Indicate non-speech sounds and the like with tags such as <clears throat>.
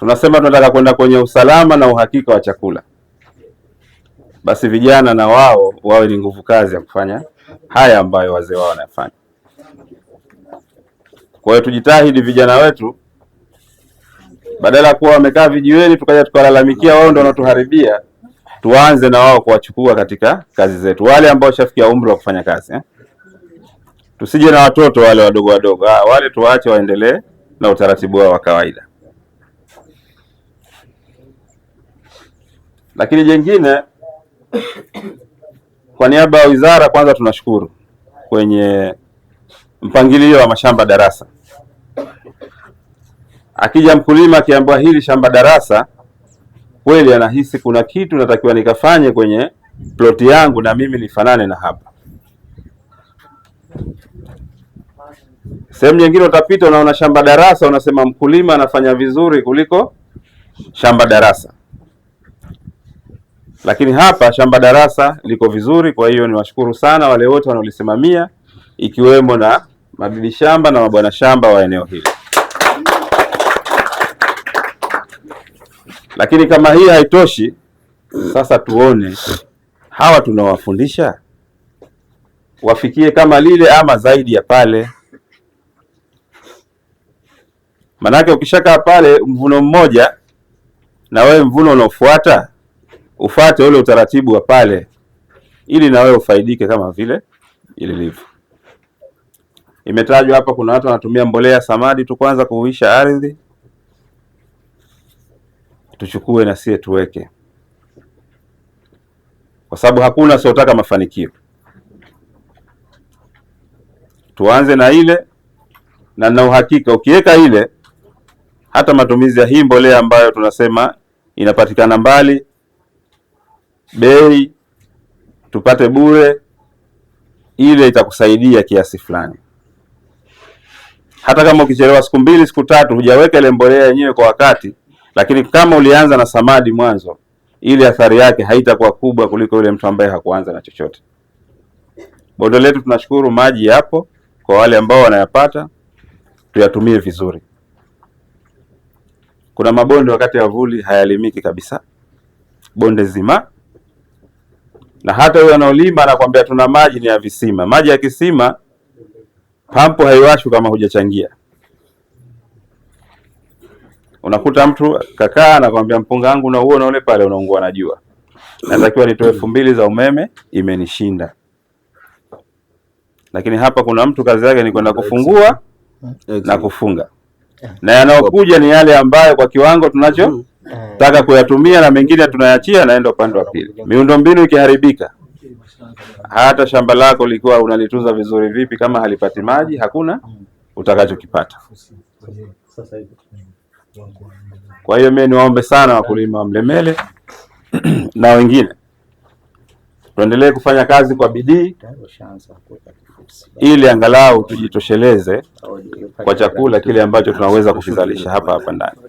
tunasema tunataka kwenda kwenye usalama na uhakika wa chakula, basi vijana na wao wawe ni nguvu kazi ya kufanya haya ambayo wazee wao wanayafanya. Kwa hiyo tujitahidi vijana wetu, badala ya kuwa wamekaa vijiweni tukaja tukalalamikia wao ndio wanatuharibia, tuanze na wao kuwachukua katika kazi zetu, wale ambao shafikia umri wa kufanya kazi eh? Tusije na watoto wale wadogo wadogo, ah, wale tuwaache waendelee na utaratibu wao wa kawaida. Lakini jengine, kwa niaba ya wizara, kwanza tunashukuru kwenye mpangilio wa mashamba darasa. Akija mkulima akiambiwa hili shamba darasa, kweli anahisi kuna kitu natakiwa nikafanye kwenye ploti yangu na mimi nifanane na hapa. Sehemu nyingine utapita, unaona shamba darasa, unasema mkulima anafanya vizuri kuliko shamba darasa. Lakini hapa shamba darasa liko vizuri, kwa hiyo niwashukuru sana wale wote wanaolisimamia ikiwemo na mabibi shamba na mabwana shamba wa eneo hili. Lakini kama hii haitoshi, sasa tuone hawa tunawafundisha wafikie kama lile ama zaidi ya pale. Manake ukishakaa pale mvuno mmoja, na wewe mvuno unaofuata ufate ule utaratibu wa pale, ili na wewe ufaidike kama vile ilivyo. Imetajwa hapa, kuna watu wanatumia mbolea samadi tu kwanza kuhuisha ardhi, tuchukue na sie tuweke, kwa sababu hakuna asiotaka mafanikio. Tuanze na ile na na uhakika, ukiweka ile hata matumizi ya hii mbolea ambayo tunasema inapatikana mbali bei tupate bure, ile itakusaidia kiasi fulani. Hata kama ukichelewa siku mbili siku tatu, hujaweka ile mbolea yenyewe kwa wakati, lakini kama ulianza na samadi mwanzo, ile athari yake haitakuwa kubwa kuliko yule mtu ambaye hakuanza na chochote. Bonde letu tunashukuru, maji yapo kwa wale ambao wanayapata, tuyatumie vizuri. Kuna mabonde wakati ya vuli hayalimiki kabisa, bonde zima na hata huyo anaolima anakwambia tuna maji ni ya visima. Maji ya kisima pampo haiwashwi kama hujachangia. Unakuta mtu kakaa anakwambia mpunga wangu na huo ule pale unaungua na jua, natakiwa nitoe elfu mbili za umeme, imenishinda. Lakini hapa kuna mtu kazi yake ni kwenda kufungua na kufunga, na yanayokuja ni yale ambayo kwa kiwango tunacho mm taka kuyatumia na mengine tunayachia, naenda upande wa pili. Miundombinu ikiharibika, hata shamba lako likiwa unalitunza vizuri vipi, kama halipati maji, hakuna utakachokipata. Kwa hiyo mimi niwaombe sana wakulima wa Mlemele <clears throat> na wengine tuendelee kufanya kazi kwa bidii ili angalau tujitosheleze kwa chakula kile ambacho tunaweza kukizalisha hapa hapa ndani.